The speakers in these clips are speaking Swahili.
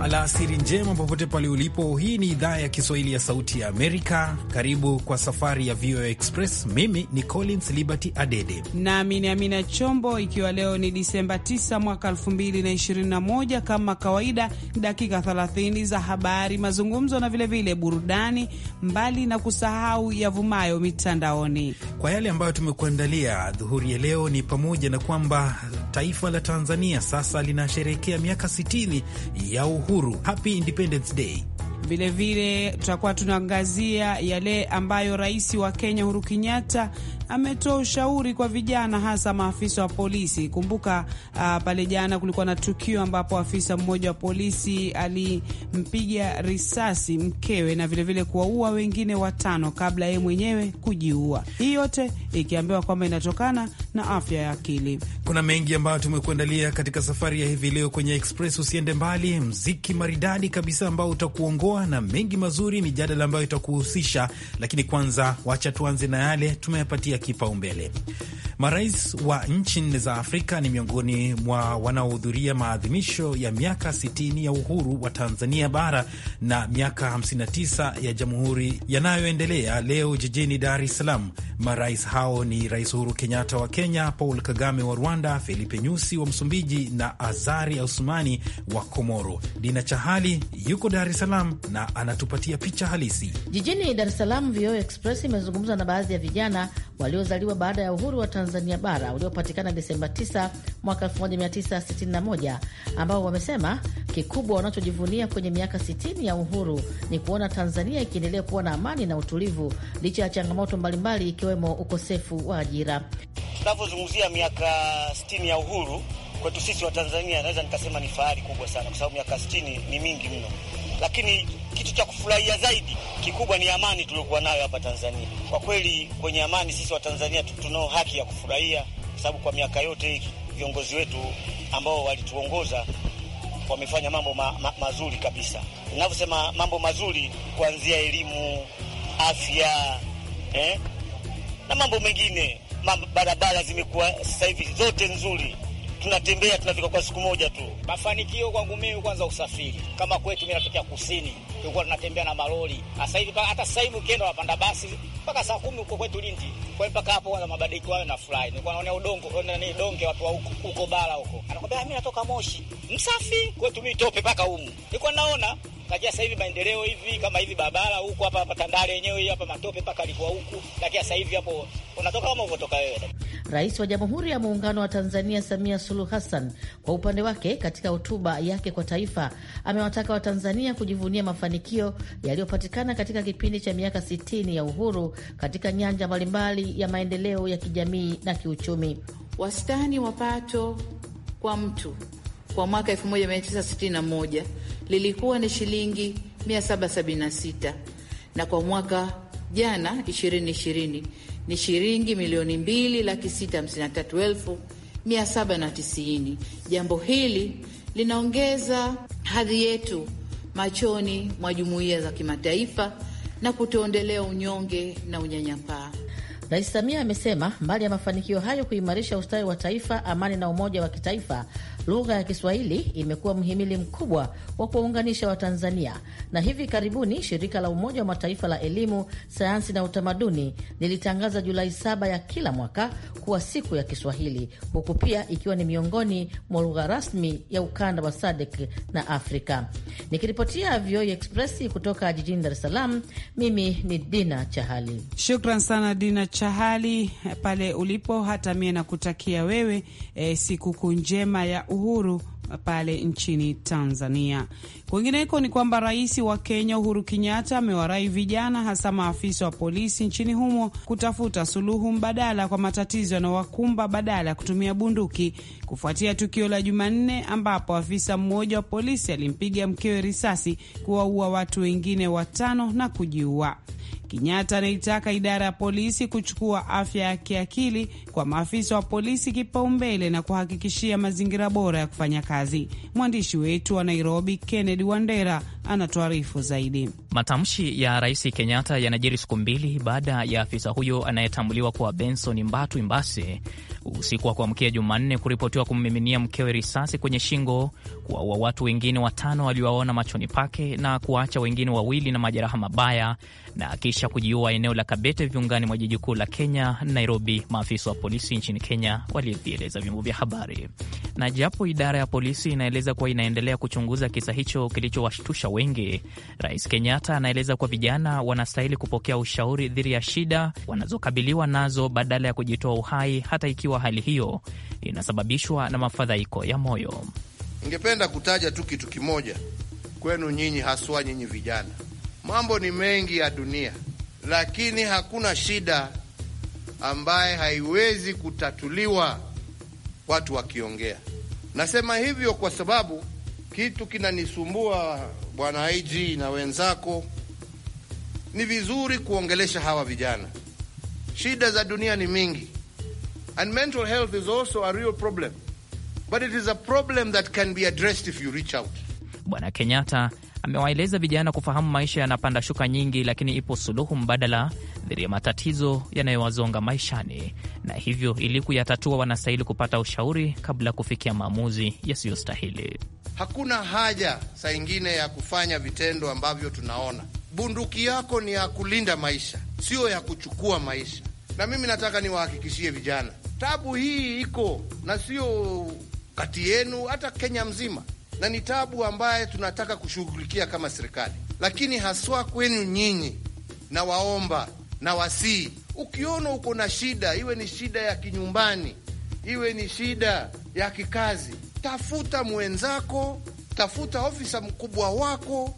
Alasiri njema popote pale ulipo. Hii ni idhaa ya Kiswahili ya Sauti ya Amerika. Karibu kwa safari ya VOA Express. Mimi ni Collins Liberty Adede nami ni Amina Chombo, ikiwa leo ni Disemba 9 mwaka 2021. Kama kawaida, dakika 30 za habari, mazungumzo na vilevile vile burudani, mbali na kusahau yavumayo mitandaoni. Kwa yale ambayo tumekuandalia dhuhuri ya leo ni pamoja na kwamba taifa la Tanzania sasa linasherehekea miaka 60 ya uhuru, Happy Independence Day. Vilevile tutakuwa tunaangazia yale ambayo rais wa Kenya Uhuru Kenyatta ametoa ushauri kwa vijana, hasa maafisa wa polisi. Kumbuka uh, pale jana kulikuwa na tukio ambapo afisa mmoja wa polisi alimpiga risasi mkewe na vilevile kuwaua wengine watano kabla yeye mwenyewe kujiua. Hii yote ikiambiwa kwamba inatokana na afya ya akili. Kuna mengi ambayo tumekuandalia katika safari ya hivi leo kwenye Express. Usiende mbali, mziki maridadi kabisa ambao utakuongoa na mengi mazuri, mijadala ambayo itakuhusisha. Lakini kwanza, wacha tuanze na yale tumeyapatia kipaumbele. Marais wa nchi nne za Afrika ni miongoni mwa wanaohudhuria maadhimisho ya miaka 60 ya uhuru wa Tanzania bara na miaka 59 ya jamhuri yanayoendelea leo jijini Dar es Salaam. Marais hao ni Rais Uhuru Kenyatta wa Kenya, Paul Kagame wa Rwanda, Filipe Nyusi wa Msumbiji na Azari Asumani wa Komoro. Dina Chahali yuko Dar es Salaam na anatupatia picha halisi jijini Dar es Salaam. VOA Express imezungumza na baadhi ya vijana wa waliozaliwa baada ya uhuru wa Tanzania bara uliopatikana Desemba 9 mwaka 1961, ambao wamesema kikubwa wanachojivunia kwenye miaka 60 ya uhuru ni kuona Tanzania ikiendelea kuwa na amani na utulivu licha ya changamoto mbalimbali ikiwemo ukosefu wa ajira. Tunavyozungumzia miaka 60 ya uhuru kwetu sisi wa Tanzania, naweza nikasema ni fahari kubwa sana, kwa sababu miaka 60 ni mingi mno lakini kitu cha kufurahia zaidi kikubwa ni amani tuliokuwa nayo hapa Tanzania. Kwa kweli, kwenye amani sisi Watanzania tunao haki ya kufurahia, kwa sababu kwa miaka yote viongozi wetu ambao walituongoza wamefanya mambo ma, ma, mazuri kabisa. Ninavyosema mambo mazuri, kuanzia elimu, afya, eh, na mambo mengine. Barabara zimekuwa sasa hivi zote nzuri tunatembea tunafika kwa siku moja tu. Mafanikio kwangu mimi, kwanza usafiri. Kama kwetu, mimi natokea kusini, tulikuwa tunatembea na malori. Sasa hivi hata sasa hivi ukienda unapanda basi mpaka saa kumi huko kwetu Lindi. Kwa mpaka hapo kwanza mabadiliko hayo nafurahi. Nilikuwa naona udongo ni donge watu wa huko huko bara huko, anakwambia ah, mimi natoka Moshi, msafi kwetu mimi tope mpaka humu, nilikuwa naona lakini sasa hivi maendeleo hivi kama hivi barabara huko hapa hapa Tandale yenyewe hapa matope paka alikuwa huku, lakini sasa hivi hapo unatoka kama uvotoka wewe. Rais wa Jamhuri ya Muungano wa Tanzania Samia Suluhu Hassan kwa upande wake, katika hotuba yake kwa taifa, amewataka Watanzania kujivunia mafanikio yaliyopatikana katika kipindi cha miaka 60 ya uhuru katika nyanja mbalimbali ya maendeleo ya kijamii na kiuchumi. Wastani wa pato kwa mtu kwa mwaka 1961 lilikuwa ni shilingi 776 na kwa mwaka jana 2020 ni shilingi milioni mbili laki sita hamsini na tatu elfu mia saba na tisini. Jambo hili linaongeza hadhi yetu machoni mwa jumuiya za kimataifa na kutoondelea unyonge na unyanyapaa. Rais Samia amesema mbali ya mafanikio hayo kuimarisha ustawi wa taifa, amani na umoja wa kitaifa, lugha ya Kiswahili imekuwa mhimili mkubwa wa kuwaunganisha Watanzania, na hivi karibuni shirika la Umoja wa Mataifa la elimu, sayansi na utamaduni lilitangaza Julai saba ya kila mwaka kuwa siku ya Kiswahili, huku pia ikiwa ni miongoni mwa lugha rasmi ya ukanda wa SADC na Afrika. Nikiripotia VOA e Express kutoka jijini Dar es Salaam, mimi ni Dina Chahali. Shukran sana Dina Chahali pale ulipo, hata mie nakutakia wewe e, sikukuu njema ya u uhuru pale nchini Tanzania. Kwingineko ni kwamba rais wa Kenya Uhuru Kenyatta amewarai vijana, hasa maafisa wa polisi nchini humo, kutafuta suluhu mbadala kwa matatizo yanayowakumba badala ya kutumia bunduki, kufuatia tukio la Jumanne ambapo afisa mmoja wa polisi alimpiga mkewe risasi, kuwaua watu wengine watano na kujiua. Kenyatta anaitaka idara ya polisi kuchukua afya ya kiakili kwa maafisa wa polisi kipaumbele na kuhakikishia mazingira bora ya kufanya kazi. Mwandishi wetu wa Nairobi, Kennedy Wandera, anatuarifu zaidi. Matamshi ya Rais Kenyatta yanajiri siku mbili baada ya afisa huyo anayetambuliwa kuwa Benson Mbatu Imbase usiku wa kuamkia Jumanne kuripotiwa kummiminia mkewe risasi kwenye shingo, kuwaua watu wengine watano waliowaona machoni pake na kuwaacha wengine wawili na majeraha mabaya na kisha kujiua eneo la Kabete viungani mwa jiji kuu la Kenya, Nairobi, maafisa wa polisi nchini Kenya walivieleza vyombo vya habari. Na japo idara ya polisi inaeleza kuwa inaendelea kuchunguza kisa hicho kilichowashtusha wengi, Rais Kenyatta anaeleza kuwa vijana wanastahili kupokea ushauri dhidi ya shida wanazokabiliwa nazo badala ya kujitoa uhai, hata ikiwa hali hiyo inasababishwa na mafadhaiko ya moyo. Ningependa kutaja tu kitu kimoja kwenu nyinyi, haswa nyinyi vijana Mambo ni mengi ya dunia, lakini hakuna shida ambaye haiwezi kutatuliwa watu wakiongea. Nasema hivyo kwa sababu kitu kinanisumbua bwana IG na wenzako, ni vizuri kuongelesha hawa vijana. Shida za dunia ni mingi, and mental health is also a real problem but it is a problem that can be addressed if you reach out. Bwana Kenyatta amewaeleza vijana kufahamu maisha yanapanda shuka nyingi, lakini ipo suluhu mbadala dhidi ya matatizo yanayowazonga maishani, na hivyo ili kuyatatua wanastahili kupata ushauri kabla kufikia maamuzi yasiyostahili. Hakuna haja saa ingine ya kufanya vitendo ambavyo tunaona. Bunduki yako ni ya kulinda maisha, siyo ya kuchukua maisha. Na mimi nataka niwahakikishie vijana, tabu hii iko na sio kati yenu, hata Kenya mzima na ni tabu ambaye tunataka kushughulikia kama serikali, lakini haswa kwenu nyinyi, na waomba na wasii, ukiona uko na shida, iwe ni shida ya kinyumbani, iwe ni shida ya kikazi, tafuta mwenzako, tafuta ofisa mkubwa wako,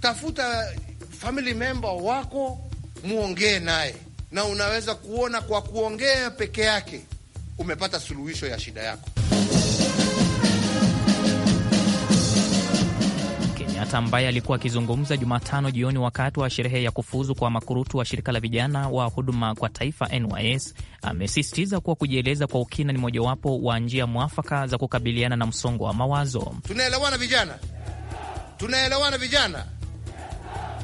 tafuta family member wako, muongee naye, na unaweza kuona kwa kuongea peke yake umepata suluhisho ya shida yako. Kenyatta ambaye alikuwa akizungumza Jumatano jioni wakati wa sherehe ya kufuzu kwa makurutu wa shirika la vijana wa huduma kwa taifa NYS amesisitiza kuwa kujieleza kwa ukina ni mojawapo wa njia mwafaka za kukabiliana na msongo wa mawazo. Tunaelewana vijana, tunaelewana vijana.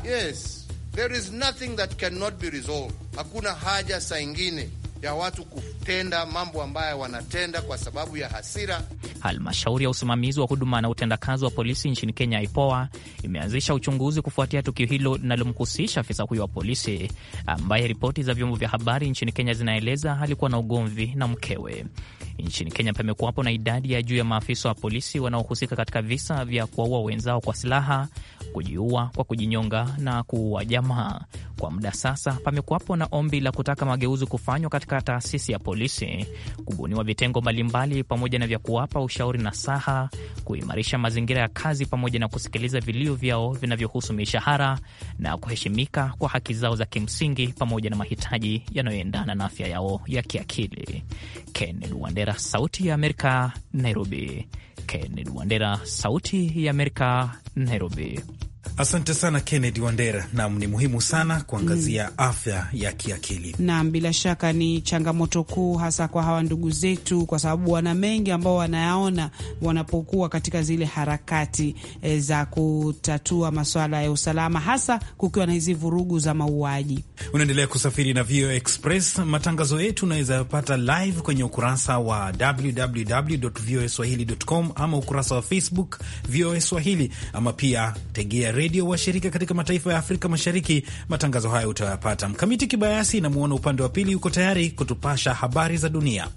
Yes, there is nothing that cannot be resolved. Hakuna haja saa ingine ya watu kutenda mambo ambayo wanatenda kwa sababu ya hasira. Halmashauri ya usimamizi wa huduma na utendakazi wa polisi nchini Kenya, IPOA, imeanzisha uchunguzi kufuatia tukio hilo linalomhusisha afisa huyo wa polisi ambaye ripoti za vyombo vya habari nchini Kenya zinaeleza alikuwa na ugomvi na mkewe. Nchini Kenya pamekuwapo na idadi ya juu ya maafisa wa polisi wanaohusika katika visa vya kuwaua wenzao kwa silaha, kujiua kwa kujinyonga na kuua jamaa. Kwa muda sasa, pamekuwapo na ombi la kutaka mageuzi kufanywa katika taasisi ya polisi, kubuniwa vitengo mbalimbali, pamoja na vya kuwapa ushauri na saha, kuimarisha mazingira ya kazi, pamoja na kusikiliza vilio vyao vinavyohusu mishahara na kuheshimika kwa haki zao za kimsingi, pamoja na mahitaji yanayoendana na afya yao ya kiakili. Kennedy Wandera, Sauti ya Amerika, Nairobi. Kennedy Wandera, Sauti ya Amerika, Nairobi. Asante sana Kennedy Wandera. Naam, ni muhimu sana kuangazia mm, afya ya kiakili. Naam, bila shaka ni changamoto kuu, hasa kwa hawa ndugu zetu, kwa sababu wana mengi ambao wanayaona wanapokuwa katika zile harakati e, za kutatua maswala ya usalama, hasa kukiwa na hizi vurugu za mauaji. Unaendelea kusafiri na VOA Express. Matangazo yetu unaweza yapata live kwenye ukurasa wa www voaswahili.com ama ukurasa wa Facebook VOA Swahili ama pia tegea redio washirika katika mataifa ya Afrika Mashariki. Matangazo hayo utayapata. Mkamiti Kibayasi namwona upande wa pili yuko tayari kutupasha habari za dunia.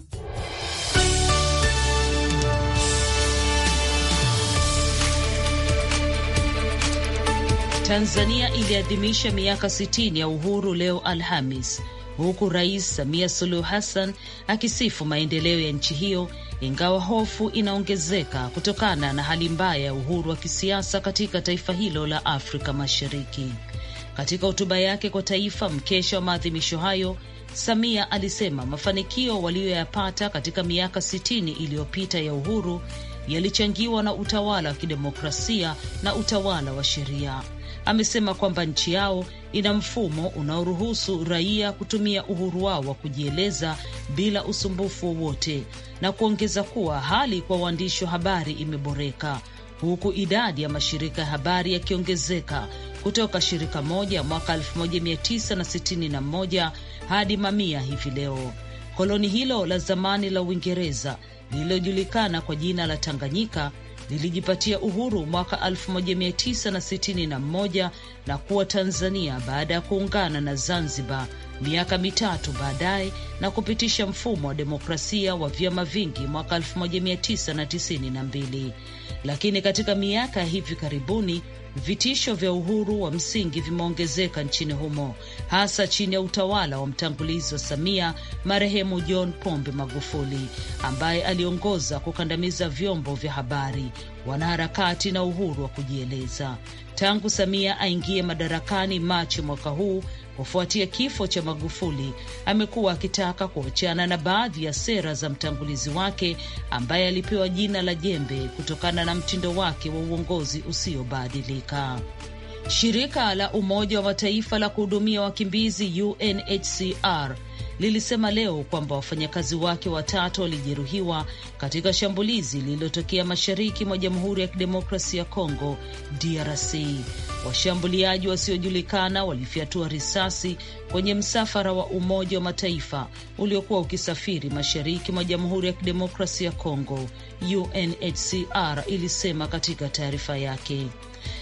Tanzania iliadhimisha miaka 60 ya uhuru leo Alhamis, huku Rais Samia Suluhu Hassan akisifu maendeleo ya nchi hiyo ingawa hofu inaongezeka kutokana na hali mbaya ya uhuru wa kisiasa katika taifa hilo la Afrika Mashariki. Katika hotuba yake kwa taifa mkesha wa maadhimisho hayo, Samia alisema mafanikio waliyoyapata katika miaka 60 iliyopita ya uhuru yalichangiwa na utawala wa kidemokrasia na utawala wa sheria amesema kwamba nchi yao ina mfumo unaoruhusu raia kutumia uhuru wao wa kujieleza bila usumbufu wowote, na kuongeza kuwa hali kwa waandishi wa habari imeboreka huku idadi ya mashirika ya habari yakiongezeka kutoka shirika moja mwaka 1961 hadi mamia hivi leo. Koloni hilo la zamani la Uingereza lililojulikana kwa jina la Tanganyika lilijipatia uhuru mwaka 1961 na kuwa Tanzania baada ya kuungana na Zanzibar miaka mitatu baadaye na kupitisha mfumo wa demokrasia wa vyama vingi mwaka 1992. Lakini katika miaka ya hivi karibuni Vitisho vya uhuru wa msingi vimeongezeka nchini humo, hasa chini ya utawala wa mtangulizi wa Samia, marehemu John Pombe Magufuli, ambaye aliongoza kukandamiza vyombo vya habari, wanaharakati na uhuru wa kujieleza. Tangu Samia aingie madarakani Machi mwaka huu kufuatia kifo cha Magufuli amekuwa akitaka kuachana na baadhi ya sera za mtangulizi wake ambaye alipewa jina la jembe kutokana na mtindo wake wa uongozi usiobadilika. Shirika la Umoja wa Mataifa la kuhudumia wakimbizi UNHCR lilisema leo kwamba wafanyakazi wake watatu walijeruhiwa katika shambulizi lililotokea mashariki mwa Jamhuri ya Kidemokrasia ya Kongo, DRC. Washambuliaji wasiojulikana walifyatua risasi kwenye msafara wa Umoja wa Mataifa uliokuwa ukisafiri mashariki mwa Jamhuri ya Kidemokrasia ya Kongo, UNHCR ilisema katika taarifa yake.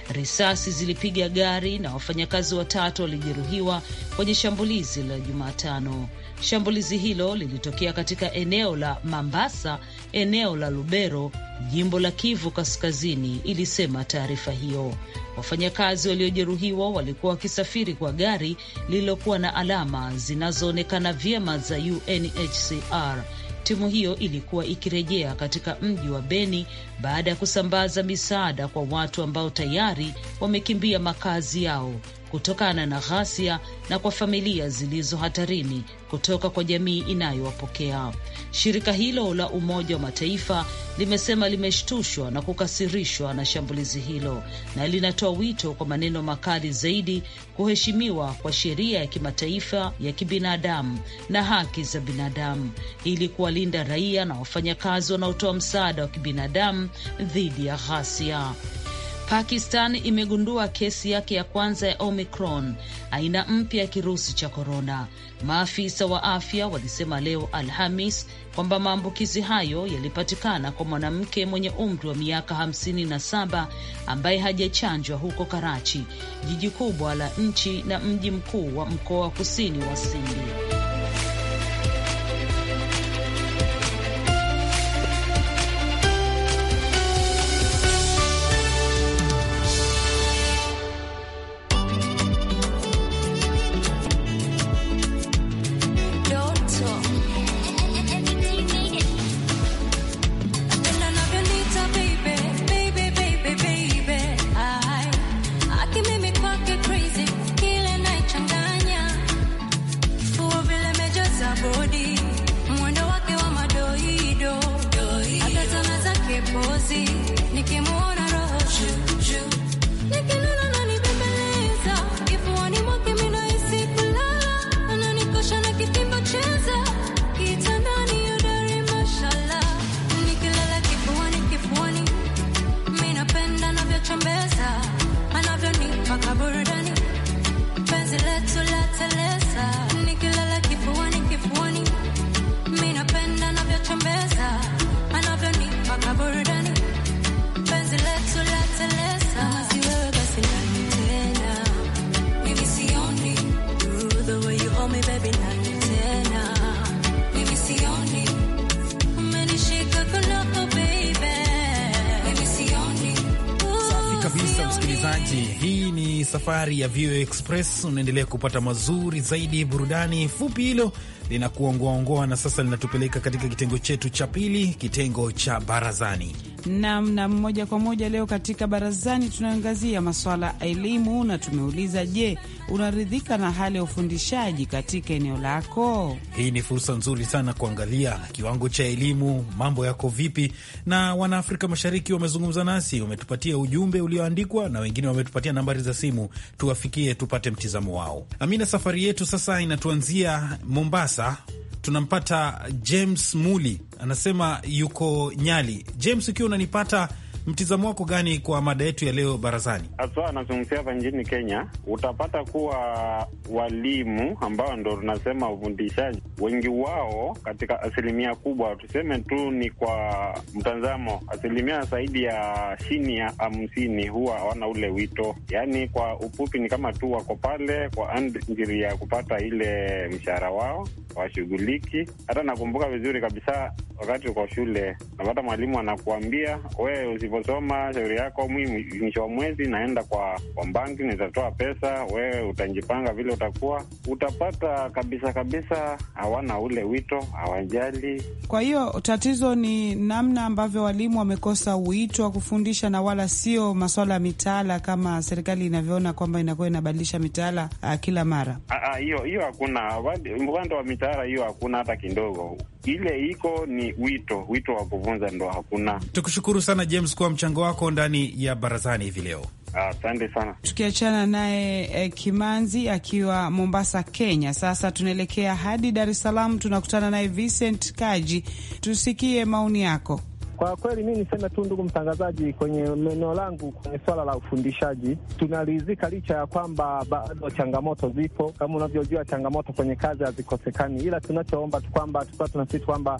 Risasi zilipiga gari na wafanyakazi watatu walijeruhiwa kwenye shambulizi la Jumatano. Shambulizi hilo lilitokea katika eneo la Mambasa, eneo la Lubero, jimbo la Kivu Kaskazini, ilisema taarifa hiyo. Wafanyakazi waliojeruhiwa walikuwa wakisafiri kwa gari lililokuwa na alama zinazoonekana vyema za UNHCR Timu hiyo ilikuwa ikirejea katika mji wa Beni baada ya kusambaza misaada kwa watu ambao tayari wamekimbia makazi yao kutokana na ghasia na kwa familia zilizo hatarini kutoka kwa jamii inayowapokea. Shirika hilo la Umoja wa Mataifa limesema limeshtushwa na kukasirishwa na shambulizi hilo na linatoa wito kwa maneno makali zaidi kuheshimiwa kwa sheria ya kimataifa ya kibinadamu na haki za binadamu ili kuwalinda raia na wafanyakazi wanaotoa msaada wa kibinadamu dhidi ya ghasia. Pakistan imegundua kesi yake ya kwanza ya Omicron, aina mpya ya kirusi cha korona. Maafisa wa afya walisema leo Alhamis kwamba maambukizi hayo yalipatikana kwa mwanamke mwenye umri wa miaka 57 ambaye hajachanjwa huko Karachi, jiji kubwa la nchi na mji mkuu wa mkoa wa kusini wa Sindi. msikilizaji, hii ni safari ya VOA Express. Unaendelea kupata mazuri zaidi, burudani fupi. Hilo linakuongoaongoa na sasa linatupeleka katika kitengo chetu cha pili, kitengo cha barazani. Nam na moja kwa moja, leo katika barazani tunaangazia masuala ya elimu na tumeuliza, je, unaridhika na hali ya ufundishaji katika eneo lako? Hii ni fursa nzuri sana kuangalia kiwango cha elimu, mambo yako vipi. Na wanaafrika mashariki wamezungumza nasi, wametupatia ujumbe ulioandikwa na wengine wametupatia nambari za simu, tuwafikie tupate mtizamo wao. Amina, safari yetu sasa inatuanzia Mombasa. Tunampata James Muli, anasema yuko Nyali. James, ukiwa unanipata Mtizamo wako gani kwa mada yetu ya leo barazani? Haswa anazungumzia hapa nchini Kenya, utapata kuwa walimu ambao ndo tunasema ufundishaji, wengi wao katika asilimia kubwa, tuseme tu ni kwa mtazamo, asilimia zaidi ya chini ya hamsini huwa hawana ule wito, yaani kwa upupi ni kama tu wako pale kwa njiri ya kupata ile mshahara wao washughuliki. Hata nakumbuka vizuri kabisa wakati uko shule, napata mwalimu anakuambia wewe nilivyosoma shauri yako, mimi mwisho wa mwezi naenda kwa, kwa banki nitatoa pesa, wewe utajipanga vile utakuwa. Utapata kabisa kabisa, hawana ule wito, hawajali. Kwa hiyo tatizo ni namna ambavyo walimu wamekosa wito wa kufundisha na wala sio maswala ya mitaala kama serikali inavyoona kwamba inakuwa inabadilisha mitaala ah, kila mara. Ah, ah, hiyo hiyo hakuna upande wa mitaala, hiyo hakuna hata kidogo ile iko ni wito, wito wa kuvunja ndoa hakuna. Tukushukuru sana James kwa mchango wako ndani ya barazani hivi leo. Asante sana. Tukiachana naye eh, Kimanzi akiwa Mombasa, Kenya. Sasa tunaelekea hadi Dar es Salaam, tunakutana naye Vincent Kaji, tusikie maoni yako. Kwa kweli mi niseme tu, ndugu mtangazaji, kwenye eneo langu kwenye swala la ufundishaji tunaridhika, licha ya kwamba bado changamoto zipo. Kama unavyojua, changamoto kwenye kazi hazikosekani, ila tunachoomba tu kwamba tukiwa tunasisi kwamba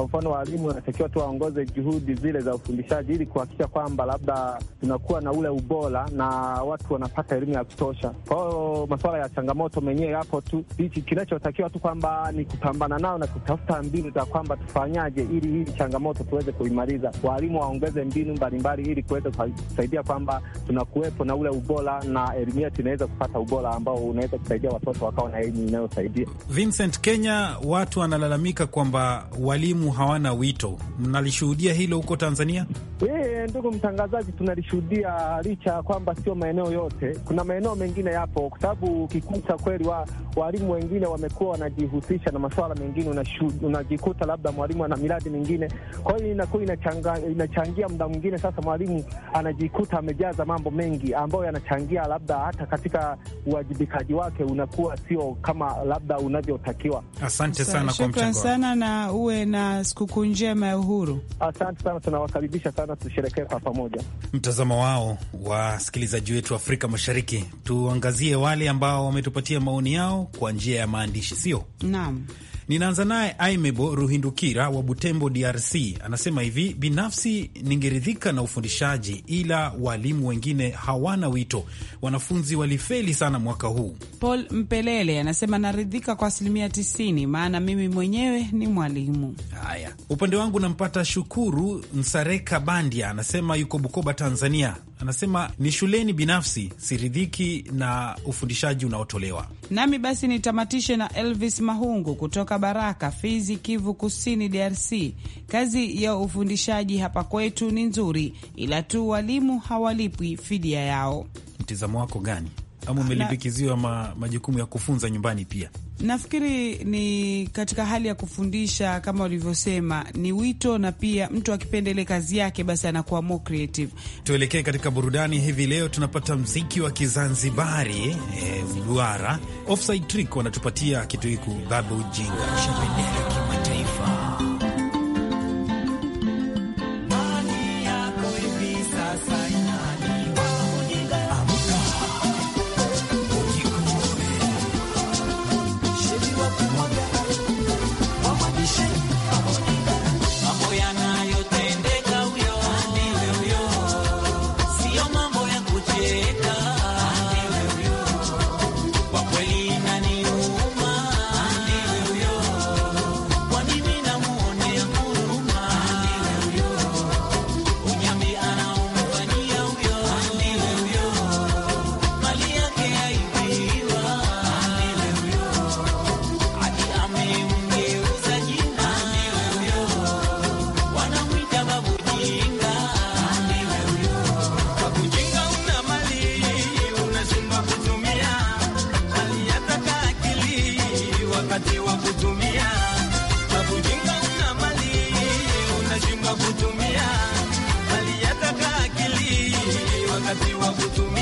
kwa mfano, waalimu wanatakiwa tu waongoze juhudi zile za ufundishaji ili kuhakikisha kwamba labda tunakuwa na ule ubora na watu wanapata elimu ya kutosha. Kwa hiyo masuala ya changamoto menyewe yapo tu, hichi kinachotakiwa tu kwamba ni kupambana nao na kutafuta mbinu za kwamba tufanyaje ili hii changamoto tuweze kuimaliza. Waalimu waongeze mbinu mbalimbali ili kuweza kusaidia kwamba tunakuwepo na ule ubora na elimu yetu inaweza kupata ubora ambao unaweza kusaidia watoto wakawa na elimu inayosaidia. Vincent, Kenya watu wanalalamika kwamba walimu hawana wito. Mnalishuhudia hilo huko Tanzania? Yeah ndugu mtangazaji, tunalishuhudia licha ya kwamba sio maeneo yote, kuna maeneo mengine yapo, kwa sababu kikuu cha kweli wa walimu wengine wamekuwa wanajihusisha na masuala mengine, unajikuta labda mwalimu ana miradi mingine, kwa hiyo inakuwa inachangia muda mwingine. Sasa mwalimu anajikuta amejaza mambo mengi ambayo yanachangia labda hata katika uwajibikaji wake unakuwa sio kama labda unavyotakiwa. Asante sana, shukran sana, na uwe na sikukuu njema ya uhuru. Asante sana, tunawakaribisha sana, tushere tusherekee kwa pamoja. Mtazamo wao wasikilizaji wetu Afrika Mashariki, tuangazie wale ambao wametupatia maoni yao kwa njia ya maandishi, sio naam Ninaanza naye Aimebo Ruhindukira wa Butembo, DRC, anasema hivi: binafsi ningeridhika na ufundishaji, ila walimu wengine hawana wito. Wanafunzi walifeli sana mwaka huu. Paul Mpelele anasema naridhika kwa asilimia 90, maana mimi mwenyewe ni mwalimu. Haya, upande wangu nampata Shukuru Nsareka Bandia, anasema yuko Bukoba, Tanzania anasema ni shuleni binafsi, siridhiki na ufundishaji unaotolewa. Nami basi nitamatishe na Elvis Mahungu kutoka Baraka, Fizi, Kivu Kusini, DRC. Kazi ya ufundishaji hapa kwetu ni nzuri, ila tu walimu hawalipwi fidia yao. Mtizamo wako gani? Ama umelipikiziwa ma, majukumu ya kufunza nyumbani pia? Nafikiri ni katika hali ya kufundisha kama ulivyosema, ni wito na pia mtu akipenda ile kazi yake basi anakuwa more creative. Tuelekee katika burudani hivi leo, tunapata mziki wa Kizanzibari eh, duara Offside Trick wanatupatia kitu hiku babu ujinga Brasil, algo do meu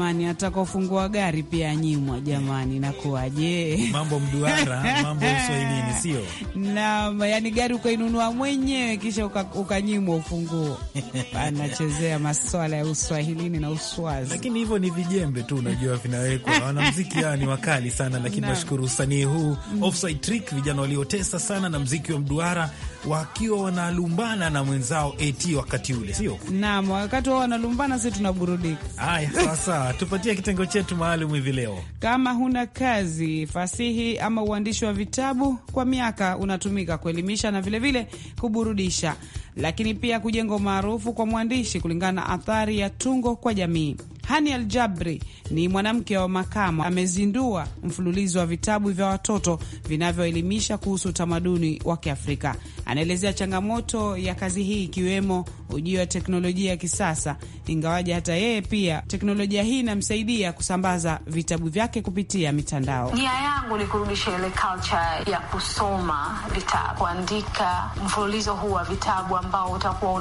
jamani, atakofungua gari pia anyimwa jamani, nakuwaje? Mambo mduara, mambo uswahilini, sio naam. Yani gari ukainunua mwenyewe kisha ukanyimwa uka ufunguo anachezea maswala ya uswahilini na uswazi, lakini hivyo ni vijembe tu, unajua vinawekwa. Wanamziki hawa ni wakali sana, lakini nashukuru usanii huu mm. Offside Trick, vijana waliotesa sana na mziki wa mduara wakiwa wanalumbana na mwenzao eti wakati ule, sio naam, wakati wao wanalumbana, sisi tunaburudika. Haya, sawasawa. tupatie kitengo chetu maalum hivi leo. Kama huna kazi, fasihi ama uandishi wa vitabu kwa miaka unatumika kuelimisha na vilevile vile kuburudisha, lakini pia kujenga umaarufu kwa mwandishi kulingana na athari ya tungo kwa jamii. Hani Al Jabri ni mwanamke wa makamo, amezindua mfululizo wa vitabu vya watoto vinavyoelimisha kuhusu utamaduni wa Kiafrika. Anaelezea changamoto ya kazi hii ikiwemo ujio wa teknolojia ya kisasa, ingawaje hata yeye pia teknolojia hii inamsaidia kusambaza vitabu vyake kupitia mitandao. Nia yangu ni kurudisha ile culture ya kusoma vitabu, kuandika mfululizo huu wa vitabu ambao utakuwa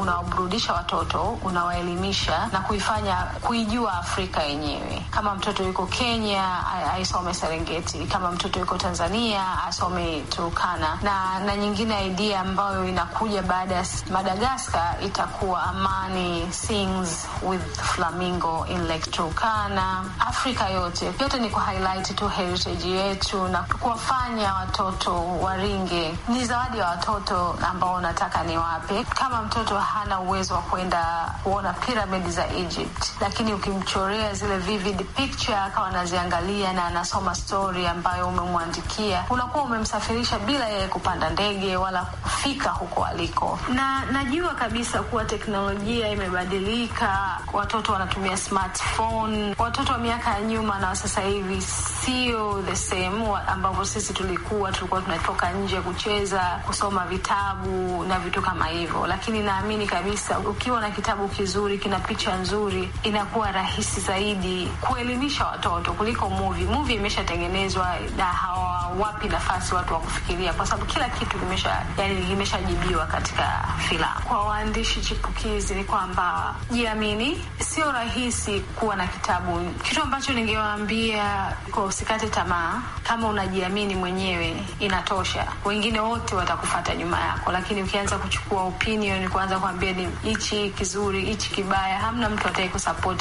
unawaburudisha watoto, unawaelimisha na kuifanya kui kuijua Afrika yenyewe. Kama mtoto yuko Kenya aisome Serengeti, kama mtoto yuko Tanzania asome Turukana na, na nyingine idea ambayo inakuja baada ya Madagaskar itakuwa amani sings with flamingo in Lake Turukana. Afrika yote yote ni ku highlight tu heritage yetu na kuwafanya watoto waringe. Ni zawadi ya watoto ambao nataka niwape. Kama mtoto hana uwezo wa kwenda kuona piramidi za Egypt, lakini lakini ukimchorea zile vivid picture akawa anaziangalia na anasoma stori ambayo umemwandikia, unakuwa umemsafirisha bila yeye kupanda ndege wala kufika huko aliko. Na najua kabisa kuwa teknolojia imebadilika, watoto wanatumia smartphone, watoto wa miaka ya nyuma na sasa hivi sio the same ambavyo sisi tulikuwa tulikuwa tunatoka nje kucheza, kusoma vitabu na vitu kama hivyo, lakini naamini kabisa ukiwa na kitabu kizuri, kina picha nzuri, ina inakuwa rahisi zaidi kuelimisha watoto kuliko movie. Movie imeshatengenezwa na hawawapi nafasi watu wa kufikiria, kwa sababu kila kitu kimesha yani, imeshajibiwa katika filamu. Kwa waandishi chipukizi ni kwamba jiamini, sio rahisi kuwa na kitabu. Kitu ambacho ningewaambia kwa usikate tamaa, kama unajiamini mwenyewe inatosha, wengine wote watakufata nyuma yako, lakini ukianza kuchukua opinion, kuanza kuambia ni hichi kizuri, hichi kibaya, hamna mtu atakaye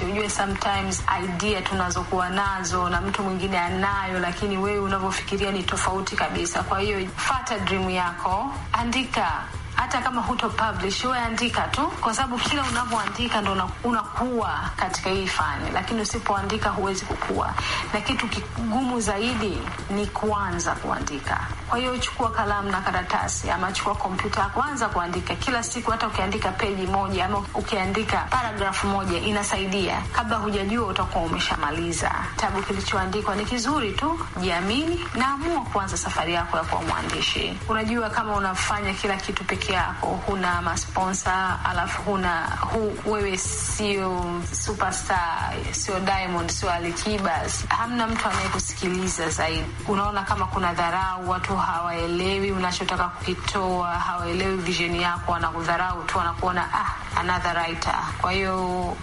wote. Ujue sometimes idea tunazokuwa nazo na mtu mwingine anayo, lakini wewe unavyofikiria ni tofauti kabisa. Kwa hiyo fata dream yako, andika hata kama huto publish, wewe andika tu, kwa sababu kila unavyoandika ndo unakuwa katika hii fani, lakini usipoandika huwezi kukua. Na kitu kigumu zaidi ni kuanza kuandika. Kwa hiyo chukua kalamu na karatasi, ama chukua kompyuta, kuanza kuandika kila siku. Hata ukiandika peji moja ama ukiandika paragrafu moja inasaidia, kabla hujajua utakuwa umeshamaliza. Kitabu kilichoandikwa ni kizuri tu, jiamini na amua kuanza safari yako ya kuwa mwandishi. Unajua kama unafanya kila kitu peke peke yako, huna masponsa, alafu huna hu, wewe sio superstar, sio Diamond, sio Alikiba, hamna mtu anayekusikiliza zaidi. Unaona kama kuna dharau, watu hawaelewi unachotaka kukitoa, hawaelewi visheni yako, wanakudharau tu, wanakuona ah, another writer. Kwa hiyo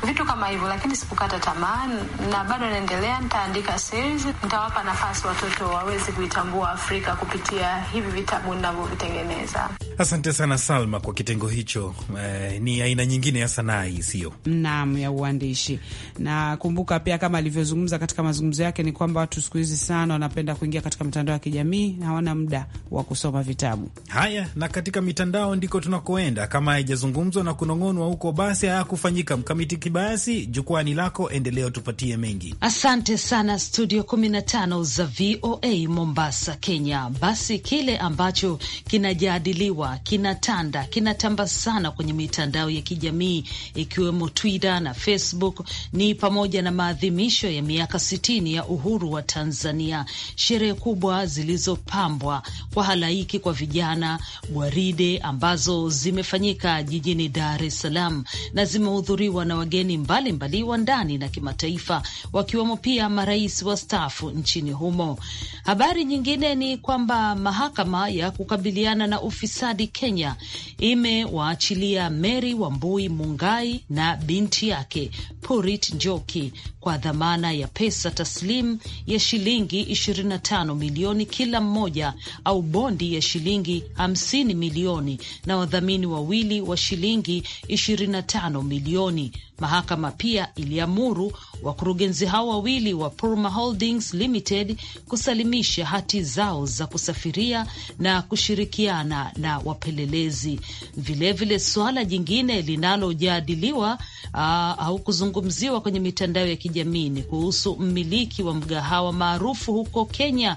vitu kama hivyo, lakini sikukata tamaa na bado naendelea, nitaandika series, nitawapa nafasi watoto waweze kuitambua Afrika kupitia hivi vitabu ninavyovitengeneza. Asante sana sana Salma kwa kitengo hicho. Eh, ni aina nyingine ya sanaa hii, sio naam, ya uandishi. Na kumbuka pia kama alivyozungumza katika mazungumzo yake ni kwamba watu siku hizi sana wanapenda kuingia katika mitandao ya kijamii, hawana muda wa kusoma vitabu haya, na katika mitandao ndiko tunakoenda. Kama haijazungumzwa na kunong'onwa huko, basi hayakufanyika. Mkamiti Kibayasi, jukwani lako, endelea tupatie mengi. Asante sana studio 15 za VOA Mombasa, Kenya. Basi kile ambacho kinajadiliwa kina kinatanda kinatamba sana kwenye mitandao ya kijamii ikiwemo Twitter na Facebook ni pamoja na maadhimisho ya miaka sitini ya uhuru wa Tanzania, sherehe kubwa zilizopambwa kwa halaiki kwa vijana, gwaride ambazo zimefanyika jijini Dar es Salaam na zimehudhuriwa na wageni mbalimbali wa ndani na kimataifa, wakiwemo pia marais wastaafu nchini humo. Habari nyingine ni kwamba mahakama ya kukabiliana na ufisadi Kenya imewaachilia Mary Wambui Mungai na binti yake Purit Njoki kwa dhamana ya pesa taslim ya shilingi 25 milioni kila mmoja au bondi ya shilingi 50 milioni na wadhamini wawili wa shilingi 25 milioni Mahakama pia iliamuru wakurugenzi hao wawili wa Purma Holdings Limited kusalimisha hati zao za kusafiria na kushirikiana na wapelelezi. Vilevile, suala jingine linalojadiliwa ah, au kuzungumziwa kwenye mitandao ya kijamii ni kuhusu mmiliki wa mgahawa maarufu huko Kenya,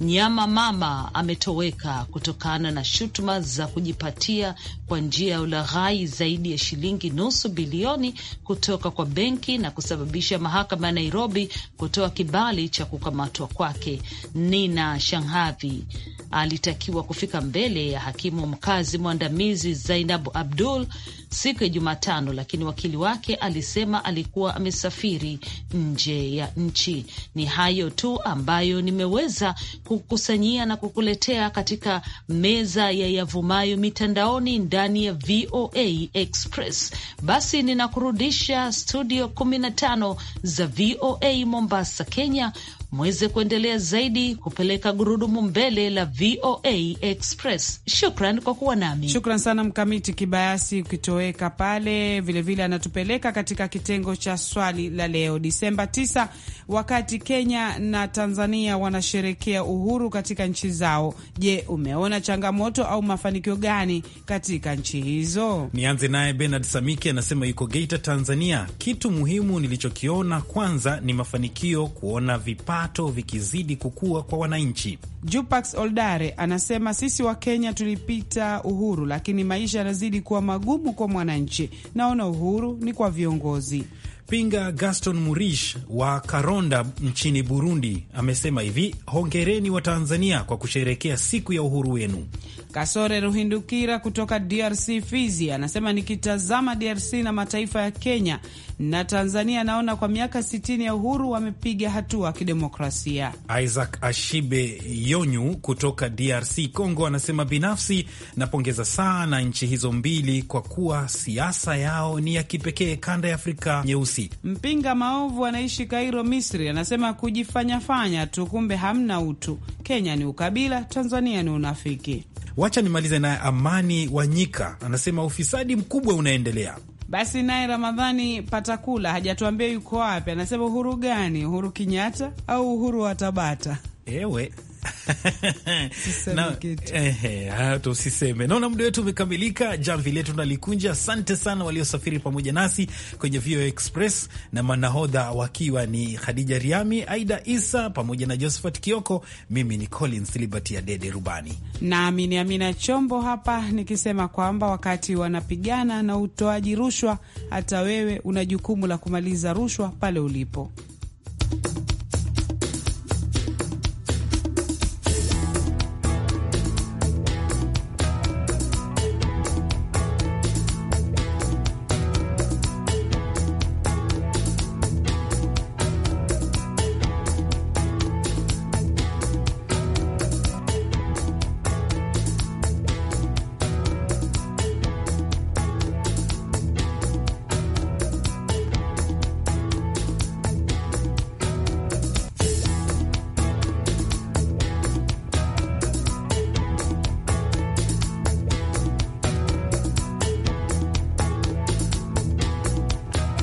Nyama Mama, ametoweka kutokana na shutuma za kujipatia kwa njia ya ulaghai zaidi ya shilingi nusu bilioni kutoka kwa benki na kusababisha mahakama ya Nairobi kutoa kibali cha kukamatwa kwake. Nina Shanghavi alitakiwa kufika mbele ya hakimu mkazi mwandamizi Zainabu Abdul siku ya Jumatano, lakini wakili wake alisema alikuwa amesafiri nje ya nchi. Ni hayo tu ambayo nimeweza kukusanyia na kukuletea katika meza ya yavumayo mitandaoni ndani ya VOA Express. Basi ninakurudisha studio 15 za VOA Mombasa, Kenya mweze kuendelea zaidi kupeleka gurudumu mbele la VOA Express. Shukran kwa kuwa nami. Shukran sana Mkamiti Kibayasi ukitoweka pale vilevile vile, anatupeleka katika kitengo cha swali la leo. Disemba 9 wakati Kenya na Tanzania wanasherekea uhuru katika nchi zao, je, umeona changamoto au mafanikio gani katika nchi hizo? Nianze naye Bernard Samike anasema yuko Geita, Tanzania. Kitu muhimu nilichokiona kwanza ni mafanikio kuona vipa vipato vikizidi kukua kwa wananchi. Jupax Oldare anasema sisi wa Kenya tulipita uhuru, lakini maisha yanazidi kuwa magumu kwa mwananchi. Naona uhuru ni kwa viongozi. Pinga Gaston Murish wa Karonda nchini Burundi amesema hivi: hongereni wa Tanzania kwa kusherekea siku ya uhuru wenu. Kasore Ruhindukira kutoka DRC Fizi anasema nikitazama DRC na mataifa ya Kenya na Tanzania naona kwa miaka 60 ya uhuru wamepiga hatua kidemokrasia. Isaac Ashibe Yonyu kutoka DRC Congo anasema binafsi, napongeza sana nchi hizo mbili kwa kuwa siasa yao ni ya kipekee kanda ya Afrika nyeusi. Mpinga maovu anaishi Kairo, Misri, anasema kujifanyafanya tu, kumbe hamna utu. Kenya ni ukabila, Tanzania ni unafiki. Wacha nimalize naye Amani Wanyika anasema ufisadi mkubwa unaendelea basi naye Ramadhani Patakula hajatuambia yuko wapi, anasema uhuru gani? Uhuru Kenyatta au uhuru wa Tabata? Ewe hata usiseme. Naona muda wetu umekamilika, jamvi letu nalikunja Asante sana waliosafiri pamoja nasi kwenye VOA Express na manahodha wakiwa ni Khadija Riami, Aida Isa pamoja na Josephat Kioko. Mimi ni Collins Liberty ya Dede Rubani nami ni Amina Chombo hapa nikisema kwamba wakati wanapigana na utoaji rushwa, hata wewe una jukumu la kumaliza rushwa pale ulipo.